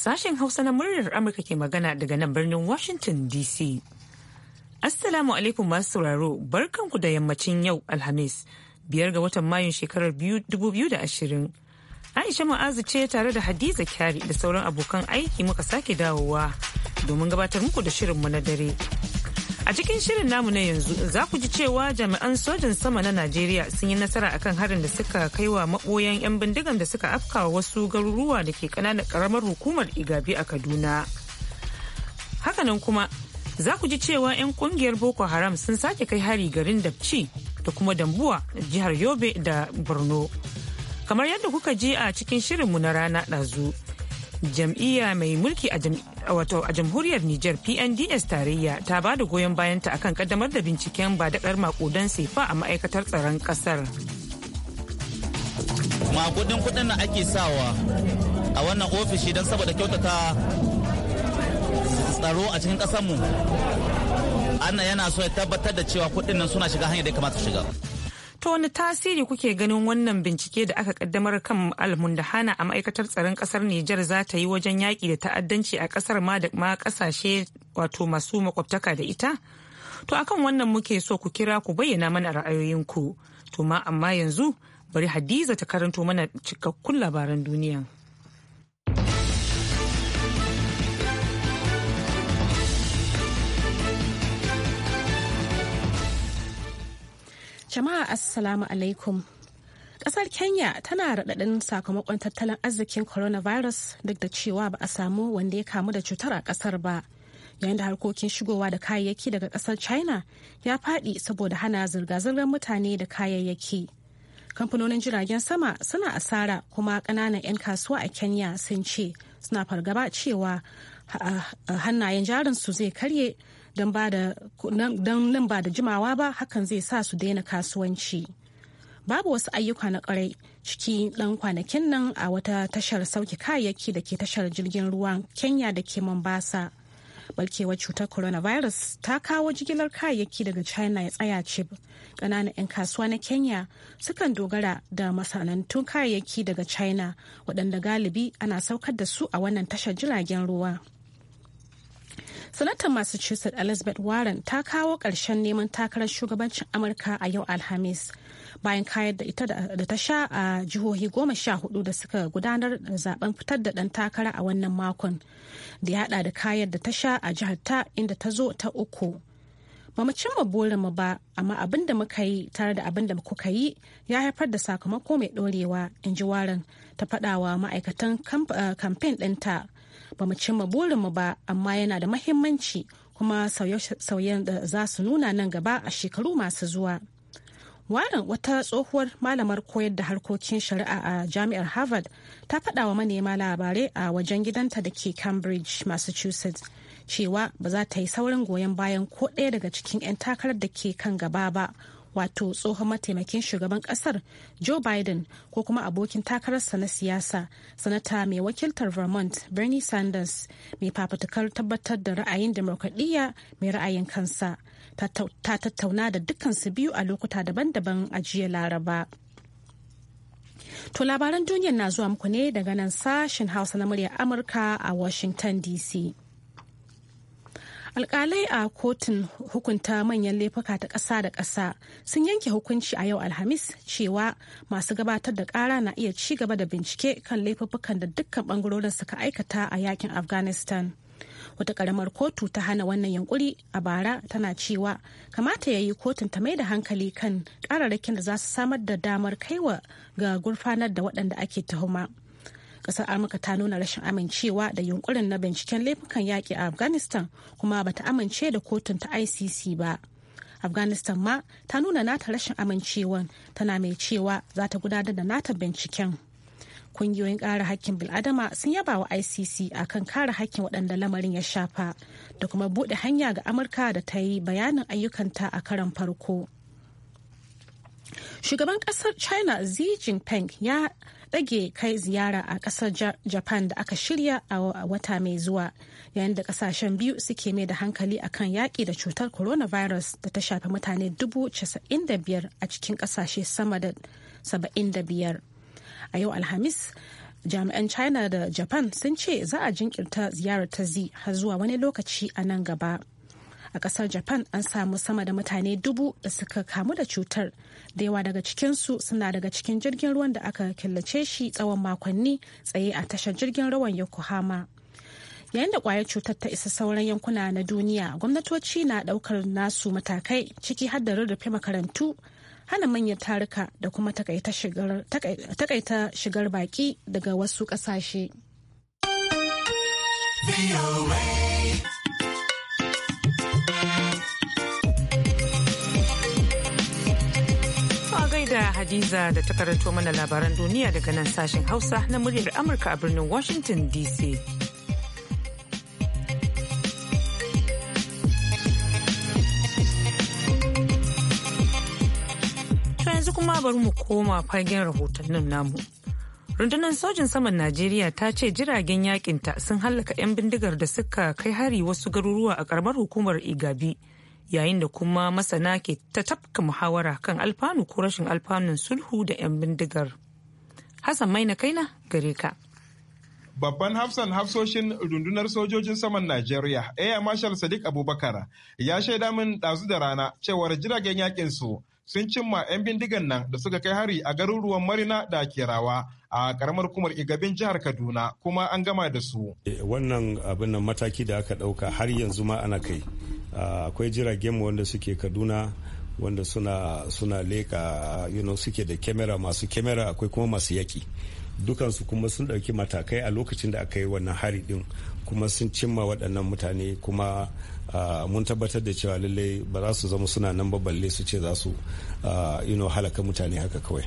Sashen Hausa na muryar Amurka ke magana daga nan birnin Washington DC. Assalamu alaikum masu sauraro barkanku da yammacin yau Alhamis biyar ga watan Mayun shekarar 2020. Aisha Ma'azu ce tare da Hadiza Kyari da sauran abokan aiki muka sake dawowa domin gabatar muku da shirinmu na dare. A cikin shirin namu na yanzu za ku ji cewa jami'an sojin sama na Najeriya sun yi nasara akan harin da suka kai wa maboyan 'yan bindigan da suka afkawa wasu garuruwa da ke ƙananan ƙaramar hukumar Igabi a Kaduna. Hakanan kuma za ku ji cewa 'yan kungiyar Boko Haram sun sake kai hari garin Dabci da kuma Dambuwa jihar Yobe da Borno. Kamar yadda kuka ji a cikin shirin mu na rana ɗazu. jam'iyya mai mulki a jamhuriyar Nijar PNDS tarayya ta ba da goyon bayanta akan kaddamar da binciken ba daɗar makudan sefa a ma'aikatar tsaron kasar. Makudin kudin da ake sawa a wannan ofishi don saboda kyautata tsaro a cikin kasarmu. Anna yana so ya tabbatar da cewa kudin nan suna shiga hanyar da ya kamata shiga. To wani tasiri kuke ganin wannan bincike da aka kaddamar kan almundahana a ma'aikatar tsaron kasar Nijar za ta yi wajen yaƙi da ta'addanci a kasar ma da ma kasashe wato masu makwabtaka da ita? To akan wannan muke so ku kira ku bayyana mana ra'ayoyinku. To ma amma yanzu bari Hadiza ta karanto mana cikakkun labaran duniya. Jama'a Assalamu alaikum. Kasar Kenya tana raɗaɗin sakamakon tattalin arzikin coronavirus duk da cewa ba a samu wanda ya kamu da cutar a kasar ba. Yayin da harkokin shigowa da kayayyaki daga kasar China ya faɗi saboda hana zirga-zirgar mutane da kayayyaki. Kamfanonin jiragen sama suna asara kuma ƙananan 'yan kasuwa a Kenya sun ce suna fargaba cewa hannayen jarinsu zai karye don nan ba da jimawa ba hakan zai sa su daina kasuwanci babu wasu ayyuka na kwarai ciki ɗan kwanakin nan a wata tashar sauki kayayyaki da ke tashar jirgin ruwan kenya da ke mombasa Balkewar cutar coronavirus ta kawo jigilar kayayyaki daga china ya tsaya cib ƙananan 'yan kasuwa na kenya sukan dogara da masana'antun kayayyaki daga china waɗanda galibi ana saukar da su a wannan tashar jiragen ruwa. Sanatar Massachusetts Elizabeth Warren ta kawo ƙarshen neman takarar shugabancin Amurka a yau Alhamis bayan kayar da ita da ta sha a jihohi goma sha hudu da suka gudanar da zaben fitar da dan takara a wannan makon da ya da kayar da ta sha a jihar ta inda ta zo ta uku. ba mu cimma burinmu ba amma abin da muka yi tare da abin da kuka yi ya haifar da sakamako mai dorewa in ji warren ta faɗawa ma'aikatan eh, kamfen ɗinta ba mu cimma burinmu ba amma yana da mahimmanci kuma sauye-sauyen da za su nuna nan gaba a shekaru masu zuwa. Warren wata tsohuwar malamar koyar da harkokin shari'a a jami'ar Harvard ta faɗa wa manema labarai a wajen gidanta da ke Cambridge, Massachusetts cewa ba za ta yi saurin goyon bayan ko ɗaya daga cikin 'yan takarar da ke kan gaba ba wato tsohon mataimakin shugaban kasar joe biden ko kuma abokin takararsa na siyasa sanata mai wakiltar vermont bernie sanders mai fafutukar tabbatar da ra'ayin demokradiyya mai ra'ayin kansa ta tattauna da dukkansu biyu a lokuta daban-daban a jiya laraba To labaran duniya na zuwa muku ne daga nan sashen hausa na muryar amurka a washington dc alkalai a kotun hukunta manyan laifuka ta ƙasa da ƙasa sun yanke hukunci a yau alhamis cewa masu gabatar da ƙara na iya ci gaba da bincike kan laifukan da dukkan ɓangarorin suka aikata a yakin afghanistan wata ƙaramar kotu ta hana wannan yankuri a bara tana cewa kamata ya yi kotun ta mai da hankali kan ƙararrakin da za su samar da damar kaiwa ga gurfanar da waɗanda ake tuhuma. kasar amurka ta nuna rashin amincewa da yunkurin na binciken laifukan yaƙi a afghanistan kuma ba ta amince da kotun ta icc ba afghanistan ma ta nuna nata rashin amincewan tana mai cewa za ta gudanar da nata binciken kungiyoyin kare hakkin bil'adama sun yaba wa icc a kan kare hakkin waɗanda lamarin ya shafa da kuma buɗe hanya ga amurka da ta yi bayanin ayyukanta a karan farko shugaban ƙasar china xi jinping ya ɗage kai ziyara a ƙasar japan da aka shirya a wata mai zuwa yayin da ƙasashen biyu suke mai da hankali akan yaƙi da cutar coronavirus da ta shafi mutane dubu biyar a cikin ƙasashe sama da 75 a yau alhamis jami'an china da japan sun ce za a jinkirta ziyarar ta zi har zuwa wani lokaci a nan gaba. a kasar japan an samu sama da mutane dubu da suka kamu da cutar da yawa daga cikinsu suna daga cikin jirgin ruwan da aka killace shi tsawon makonni tsaye a tashar jirgin ruwan yokohama yayin da kwayar cutar ta isa sauran yankuna na duniya gwamnatoci na daukar nasu matakai ciki har da rurrufe makarantu hana manyan taruka da kuma takaita shigar, baƙi baki daga wasu kasashe. da Hadiza da ta karanto mana labaran duniya daga nan sashen Hausa na muryar Amurka a birnin Washington DC. yanzu kuma bari mu koma fagen rahotannin namu. Rundunar sojin saman Najeriya ta ce jiragen yakinta sun hallaka 'yan bindigar da suka kai hari wasu garuruwa a karamar hukumar Igabi. yayin da kuma masana ke ta tafka muhawara kan alfanu ko rashin alfanun sulhu da 'yan bindigar. Hassan Maina Kaina gare ka. Babban hafsan hafsoshin rundunar sojojin saman Najeriya, Air Marshal Sadiq Abubakar, ya shaida min ɗazu da rana cewar jiragen yakin su sun cimma 'yan bindigan nan da suka kai hari a garuruwan Marina da Kerawa a karamar kumar Igabin jihar Kaduna kuma an gama da su. Eh, wannan abin mataki da aka ɗauka har yanzu ma ana kai. Ah, akwai jiragen wanda suke kaduna wanda suna suna leka you know, suke da kyamara masu kyamara akwai kuma masu yaki dukansu kuma sun ɗauki matakai a lokacin da aka yi wannan hari din kuma sun cimma waɗannan mutane kuma ah, mun tabbatar da cewa lallai ba za su zama suna nan ba balle su ce za su ah, halaka mutane haka kawai.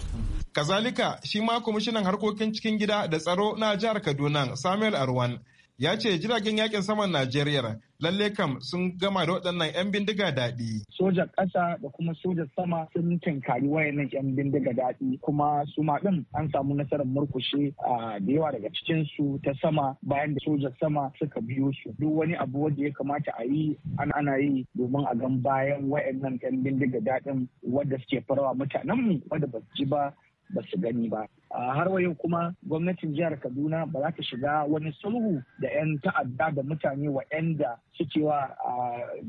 kazalika shi ma kwamishinan harkokin cikin gida da tsaro na jihar kaduna samuel arwan ya ce jiragen yakin saman najeriya lalle kam sun gama da waɗannan 'yan bindiga daɗi. Sojan ƙasa da kuma sojan sama sun tinkari wayannan 'yan bindiga daɗi kuma su ma ɗin an samu nasarar murkushe a da yawa daga cikin su ta sama bayan da sojan sama suka biyo su. Duk wani abu wanda ya kamata a yi an ana yi domin a gan bayan wayannan 'yan bindiga daɗin wadda suke farawa mutanenmu wadda ba su ji ba ba su gani ba har wayo kuma gwamnatin jihar kaduna ba za ta shiga wani sulhu da 'yan ta'adda da mutane wa'yanda suke wa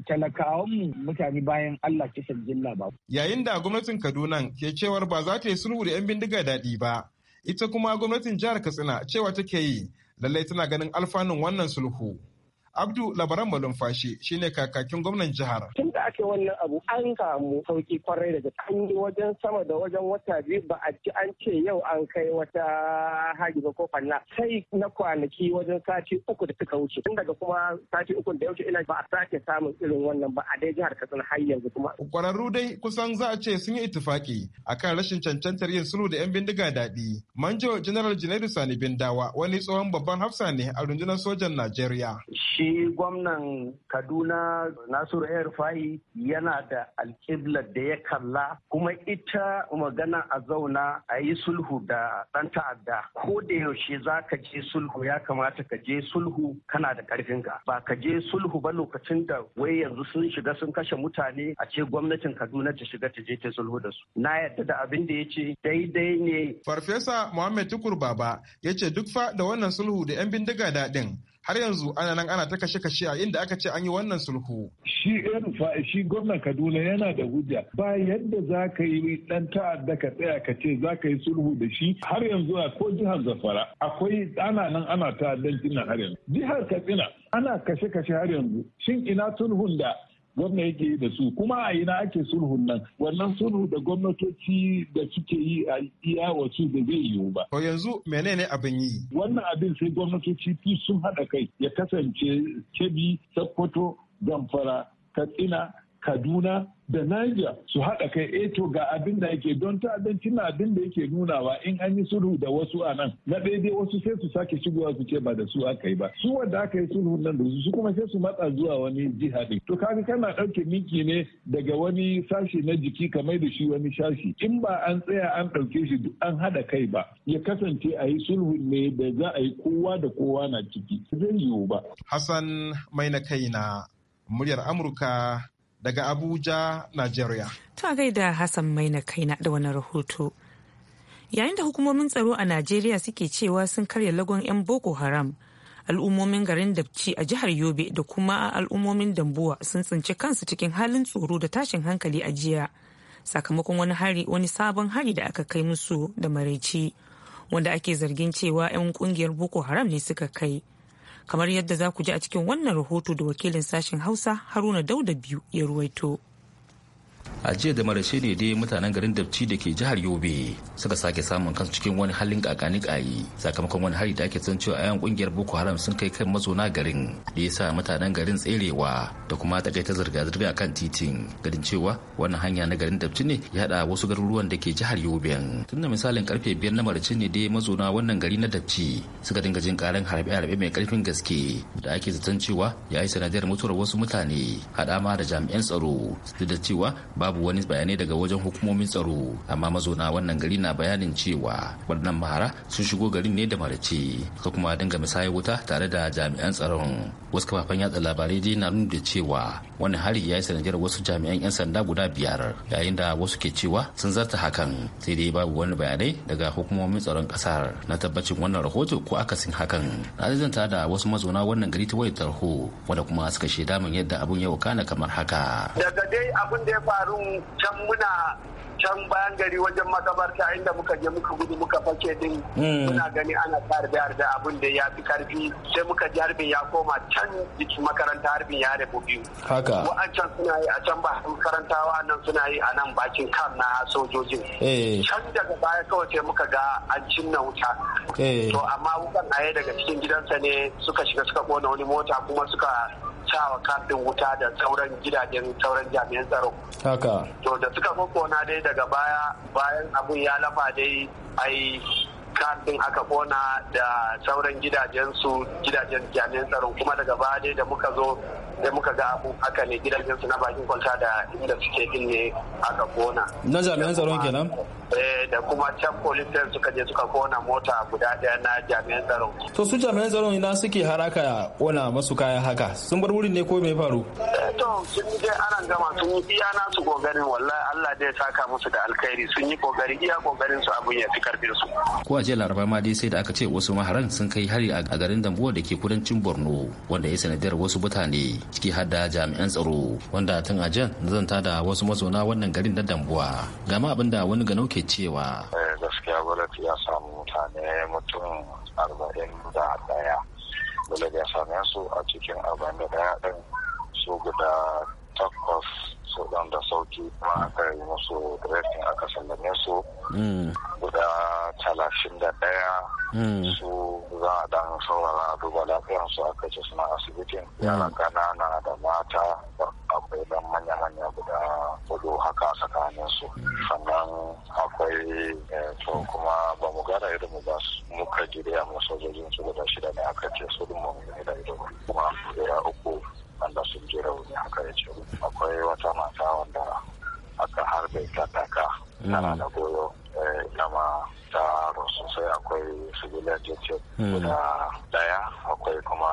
talakawan mutane bayan allah kisan jilla ba yayin da gwamnatin kaduna ke cewar ba za ta yi sulhu da 'yan bindiga daɗi ba ita kuma gwamnatin jihar katsina cewa take yi lallai tana ganin alfanun wannan sulhu Abdu Labaran Malumfashi shine kakakin gwamnan jihar. Tun da ake wannan abu an samu sauki kwarai daga an yi wajen sama da wajen wata biyu ba a ci an ce yau an kai wata haji ba ko fanna sai na kwanaki wajen sati uku da suka wuce. Tun daga kuma sati uku da ya wuce ina ba a sake samun irin wannan ba a dai jihar Katsina har yanzu kuma. Kwararru dai kusan za a ce sun yi itifaki akan rashin cancantar yin sulhu da 'yan bindiga daɗi. Manjo General Junaidu Sani Bindawa wani tsohon babban hafsa ne a rundunar sojan Najeriya. shi gwamnan kaduna nasiru air fahi yana da alƙiblar da ya kalla kuma ita magana a zauna a yi sulhu da ɗan ta'adda ko da yaushe za ka je sulhu ya kamata ka je sulhu kana da ƙarfin ka. ba ka je sulhu ba lokacin da wai yanzu sun shiga sun kashe mutane a ce gwamnatin kaduna ta shiga ta je ta sulhu da su na yarda da abin da ya ce daidai ne farfesa muhammed tukur baba ya ce duk fa da wannan sulhu da yan bindiga daɗin har yanzu ana nan ana ta kashe-kashe a inda aka ce an yi wannan sulhu. Shi Erufa shi gwamnan Kaduna yana da hujja ba yadda za ka yi dan ta'adda ka tsaya ka ce za ka yi sulhu da shi har yanzu a ko jihar Zafara akwai ana nan ana ta'addan jinnan har yanzu. Jihar Katsina ana kashe-kashe har yanzu shin ina sulhun da wanda yake da su kuma a ina ake sulhun nan wannan sulhu da gwamnatoci da suke yi a iya wasu da zai yiwu ba. To yanzu menene abin yi? Wannan abin sai gwamnatoci sun haɗa kai ya kasance Kebbi, Sokoto, Zamfara, Katsina, Kaduna, da Niger su haɗa kai eh to ga abin da yake don dan na abin da yake nunawa in an yi sulhu da wasu a nan na daidai wasu sai su sake shigowa su ce ba da su aka yi ba su wanda aka yi sulhu nan da su kuma sai su matsa zuwa wani jiha ne to kaga kana ɗauke miki ne daga wani sashi na jiki kamar da shi wani sashi in ba an tsaya an ɗauke shi an haɗa kai ba ya kasance a yi sulhu ne da za a yi kowa da kowa na ciki zai yiwu ba. Hassan mai na kai na muryar Amurka daga Abuja, Najeriya. Ta gaida Hassan Maina kaina da wani rahoto. Yayin da hukumomin tsaro a Najeriya suke cewa sun karya lagon 'yan Boko Haram, al'ummomin garin Dabci a jihar Yobe da kuma al'ummomin Dambuwa sun tsinci kansu cikin halin tsoro da tashin hankali a jiya. Sakamakon wani hari wani sabon hari da aka kai musu da maraici wanda ake zargin cewa 'yan kungiyar Boko Haram ne suka kai. kamar yadda za ku ji a cikin wannan rahoto da wakilin sashen hausa haruna dauda biyu ya ruwaito. a jiya da marashe ne dai mutanen garin dabci da ke jihar yobe suka sake samun kansu cikin wani halin kakani kayi sakamakon wani hari da ake san cewa ayan kungiyar boko haram sun kai kan mazauna garin da ya sa mutanen garin tserewa da kuma takaita zirga-zirga kan titin garin cewa wannan hanya na garin dabci ne ya haɗa wasu garuruwan da ke jihar yobe tun da misalin karfe biyar na marashe ne dai mazauna wannan gari na dabci suka dinga jin karin harbe-harbe mai karfin gaske da ake zaton cewa ya yi sanadiyar mutuwar wasu mutane haɗama da jami'an tsaro duk da cewa babu babu wani bayanai daga wajen hukumomin tsaro amma mazauna wannan gari na bayanin cewa wannan mahara sun shigo garin ne da marace su kuma dinga misayar wuta tare da jami'an tsaron wasu kafafen yatsa labarai dai na nuna da cewa wani hari ya yi sanadiyar wasu jami'an 'yan sanda guda biyar yayin da wasu ke cewa sun zarta hakan sai dai babu wani bayanai daga hukumomin tsaron kasar na tabbacin wannan rahoto ko akasin hakan na zanta da wasu mazauna wannan gari ta wayar tarho wanda kuma suka shaida min yadda abun ya wakana kamar haka daga dai abun da ya faru can muna can bayan gari wajen makabarta inda muka je muka gudu muka fake din hmm. muna gani ana ta harbe abin da ya fi karfi sai muka ji harbin ya koma can jikin makaranta harbin ya rabu biyu haka wa'ancan suna yi a can ba makaranta wa'annan suna yi a nan bakin kan na sojojin eh. can daga baya kawai sai muka ga an cinna wuta eh. to amma wukan aye daga cikin gidansa ne suka shiga suka kona wani mota kuma suka cawa kafin wuta da sauran gidajen sauran jami'an tsaro. Haka. To da suka kokona dai daga baya bayan abun ya lafa dai ai kafin aka kona da sauran gidajen su gidajen jami'an tsaro kuma daga baya dai da muka zo sai muka ga abu haka ne gidajen su na bakin kwanta da inda suke din ne aka kona na jami'an tsaron kenan eh, da kuma can police suka je suka kona mota guda daya na jami'an tsaron to su jami'an tsaron ina suke haraka kona masu kaya haka sun bar wurin ne ko me faru eh, to sun je ana gama sun yi iya nasu kokarin wallahi Allah zai saka musu da alkhairi sun yi kokari iya kokarin su abun ya fi karfin su ko a jiya laraba ma dai sai da aka ce wasu maharan sun kai hari a garin Dambuwa da ke kudancin Borno wanda ya sanadiyar wasu mutane ciki har da jami'an tsaro wanda tun a jan zan tada wasu mazauna wannan garin na dambuwa gama abin da wani gano ke cewa eh, gaskiya gwamnati ya samu mutane mutum arba'in da daya gwamnati ya same su a cikin arba'in da daya din su guda takwas su dan da sauki kuma aka yi musu dressing aka sallame su mm. guda talashin da daya mm. su za a dan saurara duba lafiyar su aka ce suna asibitin yana ƙanana da mata akwai dan manya-manya guda hudu haka tsakanin su hmm. sannan akwai eh, to kuma ba mu gara irin mu ba muka gidaya mu sojojin su guda shida ne aka ce su dun mu ne da ido kuma guda uku wanda sun jira wani haka ya ce akwai wata mata wanda aka harbe ta daka tana hmm. da goyo gidaje hmm. guda daya akwai kuma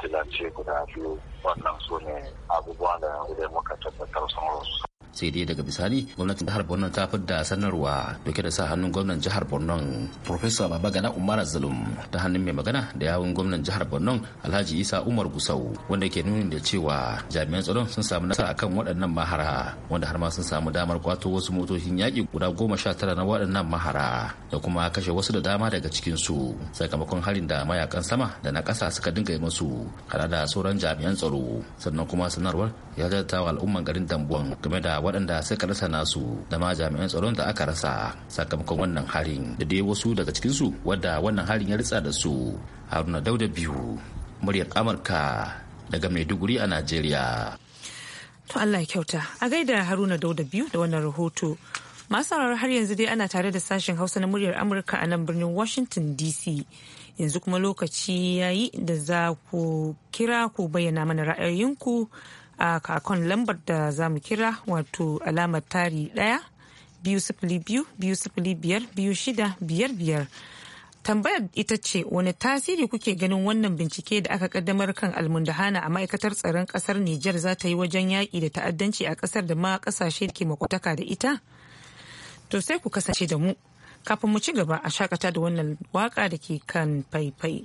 gidaje guda biyu wannan su ne abubuwan da sai dai daga bisani gwamnatin jihar borno ta da sanarwa dauke da sa hannun gwamnan jihar borno professor babagana umar zulum ta hannun mai magana da yawun gwamnan jihar borno alhaji isa umar gusau wanda ke nuni da cewa jami'an tsaron sun samu nasara akan waɗannan mahara wanda har ma sun samu damar kwato wasu motocin yaƙi guda goma sha tara na waɗannan mahara da kuma kashe wasu da dama daga cikinsu sakamakon harin da mayakan sama da na ƙasa suka dinga yi musu hada da sauran jami'an tsaro sannan kuma sanarwar ya jaddata al'umman garin dambuwan game da waɗanda suka rasa nasu da ma jami'an tsaron da aka rasa sakamakon wannan harin da dai wasu daga cikinsu wadda wannan harin ya ritsa da su haruna dauda biyu muryar amurka daga maiduguri a najeriya to allah ya kyauta a gaida haruna dauda biyu da wannan rahoto masu har yanzu dai ana tare da sashen hausa na muryar amurka a nan birnin washington dc yanzu kuma lokaci yayi da za ku kira ku bayyana mana ra'ayoyinku a kakon lambar da za mu kira wato alamar tari ɗaya biyu sifili biyu biyu sifili biyar biyu shida biyar biyar tambayar ita ce wani tasiri kuke ganin wannan bincike da aka kaddamar kan almundahana a ma'aikatar tsaron kasar Nijar za ta yi wajen yaƙi da ta'addanci a kasar da ma kasashe ke makwataka da ita? To sai ku kasance da mu kafin mu ci gaba a shakata da wannan waka da ke kan faifai.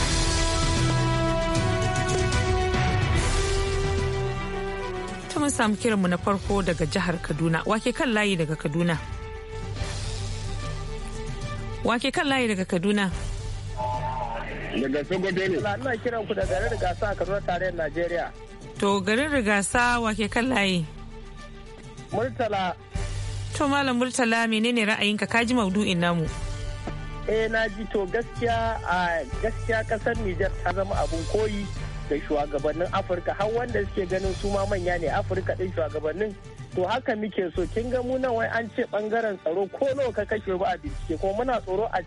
mun samu kiranmu na farko daga jihar Kaduna. Wake kan layi daga Kaduna. Wake kan layi daga Kaduna. Daga Sogodo ne. Ina kiran ku da garin Rigasa a Kaduna tarayyar Najeriya. To garin Rigasa wake kan layi. Murtala. To Malam Murtala menene ra'ayinka ka ji maudu'in namu? Eh na ji to gaskiya a gaskiya kasar Nijar ta zama abun koyi. da shugabannin afirka har wanda suke ganin su ma manya ne afirka din shugabannin to haka muke so kin ga mu nan wai an ce bangaren tsaro ko nawa ka kashe ba a bincike kuma muna tsoro a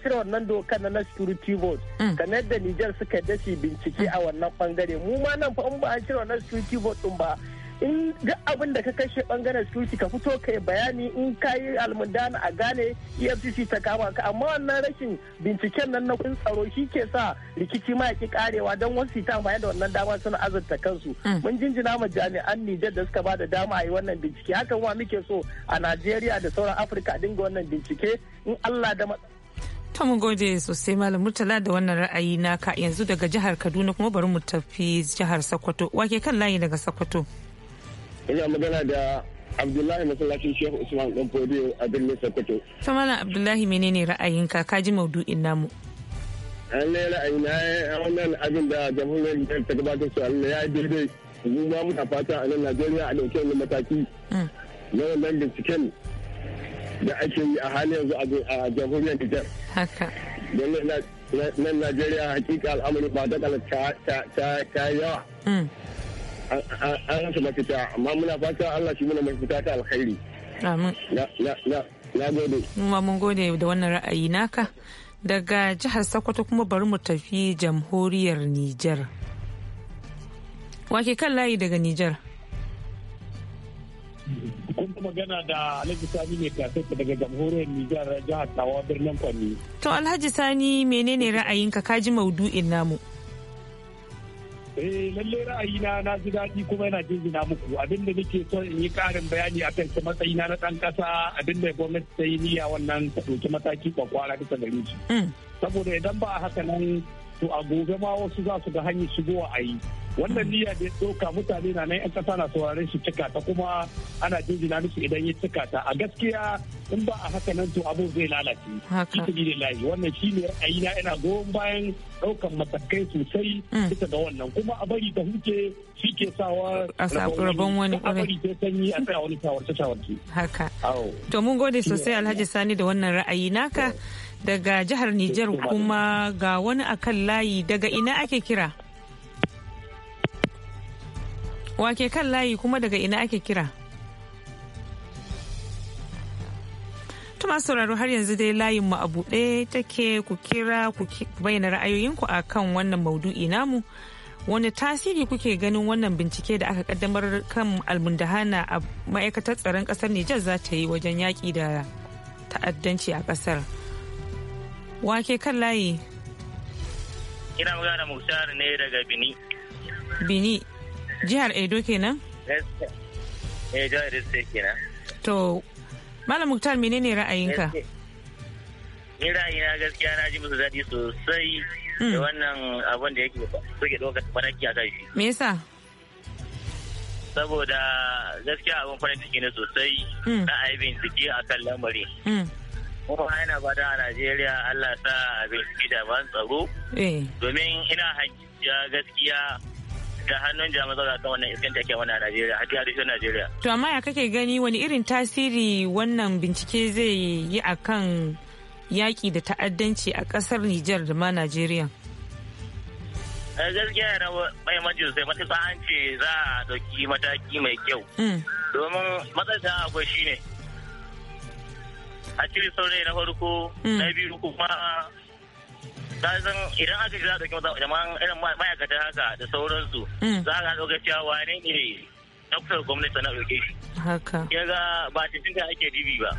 cire wannan dokar na security board mm. kamar yadda Nijar suka dace bincike a wannan bangare mu ma nan fa in ba a cire wannan security board din ba in ga abin da ka kashe bangaren security ka fito kai bayani in ka yi almundana a gane efcc ta kama ka amma wannan rashin binciken nan na kun tsaro shi ke sa rikici ma ki karewa don wasu ta amfani da wannan dama suna azurta kansu mm. mun jinjina ma jami'an nijar da suka ba da dama a yi wannan bincike hakan wa muke so a najeriya da sauran afirka dinga wannan bincike in allah da To mu gode sosai Malam Murtala da wannan ra'ayi naka yanzu daga jihar Kaduna kuma bari mu tafi jihar Sokoto. Wake kan layi daga Sokoto. ina magana da Abdullahi masallacin Shehu Usman dan Fodiyo a birnin Sokoto. Samala Abdullahi menene ra'ayinka ka ji maudu'in namu? An ne ra'ayi na wannan abin da jamhuriyar da ta gabatar su Allah ya daidai mu ma muna fata a nan Najeriya a dauke wani mataki mm. na wannan binciken da ake yi a halin yanzu a jamhuriyar Nijar. Haka. Don nan Najeriya hakika al'amari ba da ta yawa. Mm. an rasa mafita amma muna fata Allah shi muna mafita ta alkhairi amin na gode ma mun gode da wannan ra'ayi naka daga jihar Sokoto kuma bari mu tafi jamhuriyar Nijar wake kan layi daga Nijar kun gana da Alhaji Sani mai kasance daga jamhuriyar Nijar jihar Tawa birnin Kwani to Alhaji Sani menene ra'ayinka ka ji maudu'in namu eh lalle ra'ayina na ji daɗi kuma yana jinjina muku abinda nake so in yi karin bayani a kan matsayina na ɗan ƙasa abinda gwamnati ta yi niyya wannan ta ɗauki mataki kwakwara bisa gare shi mm. saboda idan ba a haka nan to a gobe ma wasu za su ga hanyar shigowa a yi wannan niyya da ya ɗauka mutane na nan 'yan ƙasa na sauraron shi cika ta kuma ana jinjina musu idan ya cika ta a gaskiya in ba a haka nan to abu zai lalace shi ne layi wannan shi ne ra'ayi na ina goyon bayan ɗaukan matakai sosai mm. bisa ga wannan kuma a bari ta huce shi ke sawa a sakurban wani a bari ta sanyi a tsaya wani shawarce shawarce haka to mun gode sosai alhaji sani da wannan ra'ayi naka daga jihar Nijar kuma ga wani akan layi daga ina ake kira? Wake kan layi kuma daga ina ake kira? Tuma sauraro har yanzu dai layin mu a buɗe take ku kira ku bayyana ra'ayoyinku a kan wannan maudu'i namu. Wani tasiri kuke ganin wannan bincike da aka kaddamar kan almundahana a ma'aikatar tsaron ƙasar Nijar za ta yi wajen yaƙi da ta'addanci a ƙasar. wake kan layi ina magana da muktar ne daga bini bini jihar edo kenan eh jihar edo kenan to malam muktar menene ra'ayinka ni ra'ayina gaskiya na ji musu daɗi sosai mm. da wannan abin da yake suke ɗaukar faraki a kai me yasa saboda gaskiya abin farin ne sosai mm. na aibin a kan lamari mm. kuma yana fata a Najeriya Allah sa da ban tsaro. Eh. Domin ina hajjiya gaskiya da hannun jami'an tsaro kan wannan iskan take a Najeriya, har ya rushe Najeriya. To amma ya kake gani wani irin tasiri wannan bincike zai yi a kan yaƙi da ta'addanci a ƙasar Nijar da ma Najeriya? Eh, gaskiya yana mai mahimmanci sai matuƙa an ce za a ɗauki mataki mai kyau. Hmm. Domin matsasa akwai shi ne a cire saurayi na farko mm. na biyu kuma zan idan aka ji za a ɗauki jama'an irin ma'aikatan haka da sauransu mm. za a ɗauka cewa wane ne na kusa gwamnati na ɗauke shi haka ga ba cikin mm. da ake dibi ba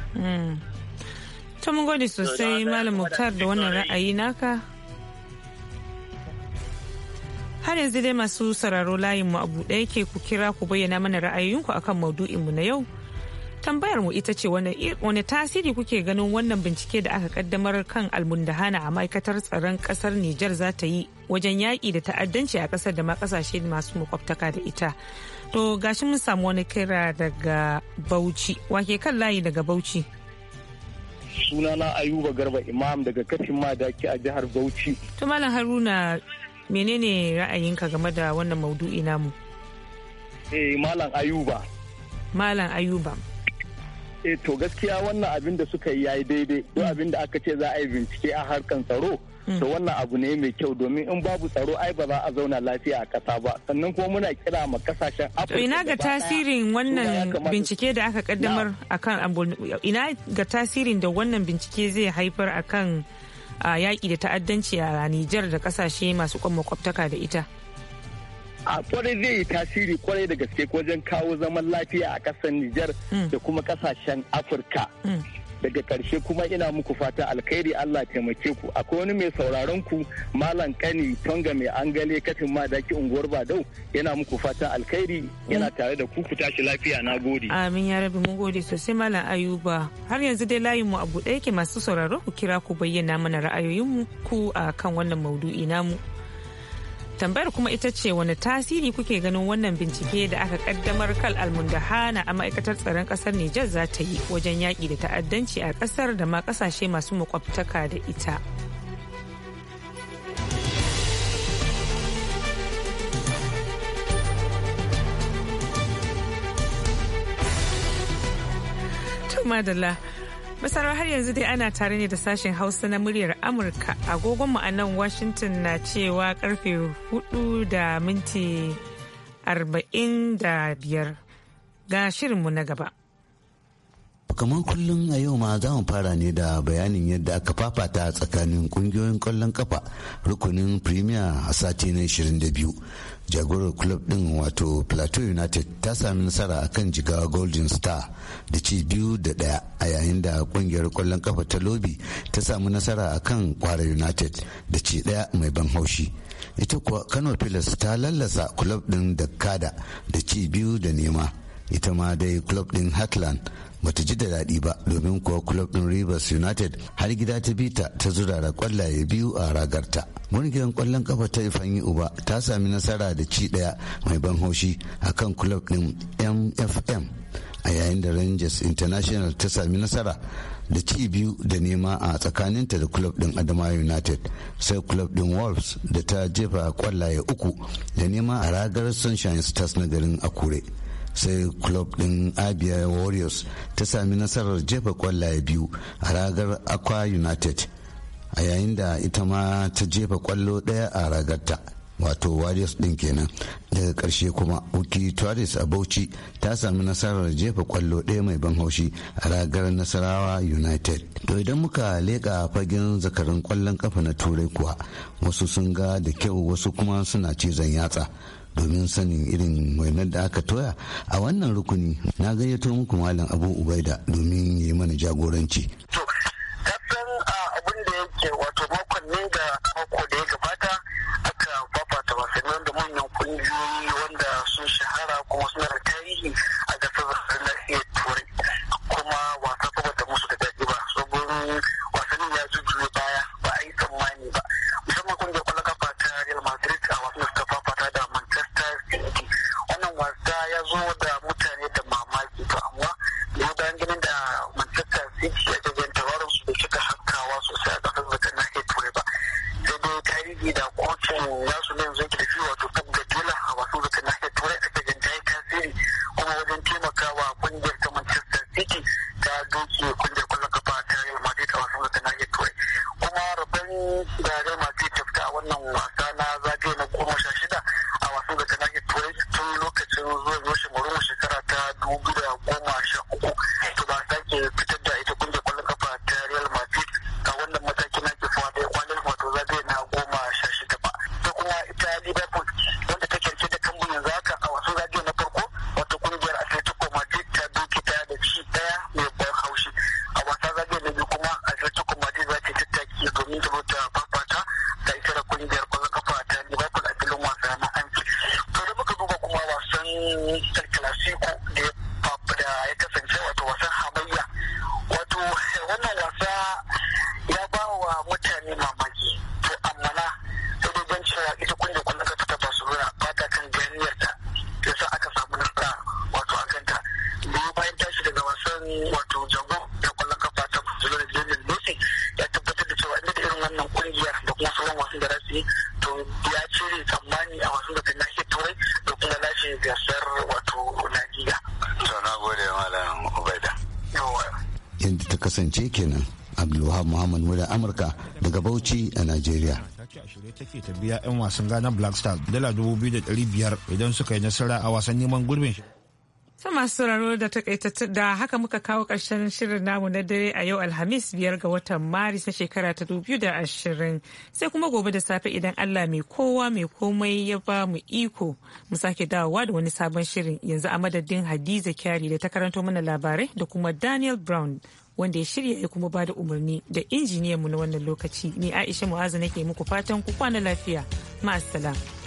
ta mun gode sosai malam muktar da wannan ra'ayi naka har yanzu dai masu sauraro layinmu a buɗe ke ku kira ku bayyana mana ra'ayoyinku akan maudu'inmu na yau tambayar mu ita ce wani tasiri kuke ganin wannan bincike da aka kaddamar kan almundahana a ma'aikatar tsaron kasar Nijar za ta yi wajen yaƙi da ta'addanci a kasar da ma kasashe masu makwabtaka da ita. To gashi mun samu wani kira daga Bauchi, wake kan layi daga Bauchi. Sunana Ayuba Garba Imam daga kafin madaki a jihar Bauchi. To Malam Haruna menene ra'ayinka game da wannan maudu'i namu? Eh Malam Ayuba. Malam Ayuba. eh to gaskiya wannan abin da suka yi ya yi daidai duk mm. abin da aka ce za a yi bincike a harkan tsaro mm. to wannan abu ne mai kyau domin in babu tsaro ai ba za a zauna lafiya a kasa ba sannan kuma muna kira ma kasashen afirka ina ga tasirin wannan bincike da aka kaddamar akan ina ga tasirin da wannan bincike zai haifar akan yaƙi da ta'addanci a Nijar da kasashe masu makwabtaka da ita a kwarai zai yi tasiri kwarai da gaske wajen kawo zaman lafiya a ƙasar Nijar hmm. da kuma ƙasashen Afirka. Hmm. daga ƙarshe kuma ina muku fata alkhairi Allah taimake ku akwai wani mai sauraron ku malam kani tonga mai angale katin madaki unguwar badau yana muku fata alkhairi yana hmm. tare da ku ku tashi lafiya na gode amin ya rabi mun gode sosai malam ayuba har yanzu dai layin mu abu ɗaya ke masu sauraro ku kira ku bayyana mana ra'ayoyin ku a kan wannan maudu'i namu tambayar kuma ita ce wani tasiri kuke ganin wannan bincike da aka kaddamar kal almundahana a ma'aikatar tsaron kasar Nijar za ta yi wajen yaƙi da ta'addanci a kasar da ma kasashe masu makwabtaka da ita. Madalla Masarar har yanzu dai ana tare ne da sashen Hausa na muryar Amurka. Agogonmu a nan Washington na cewa karfe 4 da minti 45 ga shirinmu na gaba. kamar kullum a yau ma za mu fara ne da bayanin yadda aka fafata tsakanin kungiyoyin kwallon kafa rukunin premier a sati na jagorar club din wato plateau united ta sami nasara a kan jigawa golden star da ci biyu da daya a yayin da kungiyar kwallon kafa ta lobi ta sami nasara a kan kwara united da ci daya mai ban haushi ita kuwa kano pilas ta lallasa club din da kada da ci biyu da nema ita ma dai club din heartland bata ji da daɗi ba domin kuwa club ɗin Rivers United har gida ta bita ta zurara kwallaye biyu a ragarta. Ƙungiyar kwallon kafa ta Ifanyi Uba ta sami nasara da ci ɗaya mai ban haushi akan club ɗin MFM a yayin da Rangers International ta sami nasara da ci biyu da nema a tsakaninta da club ɗin adama united sai club ɗin wolves da ta jefa kwallaye uku da nema a ragar sunshine stars na garin akure sai club din abia warriors ta sami nasarar jefa kwallaye biyu a ragar aqua united a yayin da ita ma ta jefa kwallo daya a ragarta wato warriors din kenan daga karshe kuma uki tuaris a bauchi ta sami nasarar jefa kwallo ɗaya mai ban haushi a ragar nasarawa united to idan muka leƙa fagen zakarin kwallon kafa na turai kuwa wasu sun ga da kyau wasu kuma suna cizon yatsa domin sanin irin wainar da aka toya a wannan rukuni na gayyato muku malam abu ubaida domin yi mana jagoranci. to kasan ah, abin da yake wato yadda ta kasance kenan abdulwahab muhammad muda amurka daga bauchi a nigeria shirye take ta biya 'yan wasan ghana black stars dala 2,500 idan suka yi nasara a wasan neman gurbin ta masu sauraro da takaitattun da haka muka kawo ƙarshen shirin namu na dare a yau alhamis biyar ga watan maris na shekara ta dubu da ashirin sai kuma gobe da safe idan allah mai kowa mai komai ya ba mu iko mu sake dawowa da wani sabon shirin yanzu a madadin hadiza kyari da ta karanto mana labarai da kuma daniel brown wanda ya shirya ya kuma bada umarni da injiniyan mu na wannan lokaci ni aisha mu'azu nake muku fatan ku kwana lafiya ma'asalam.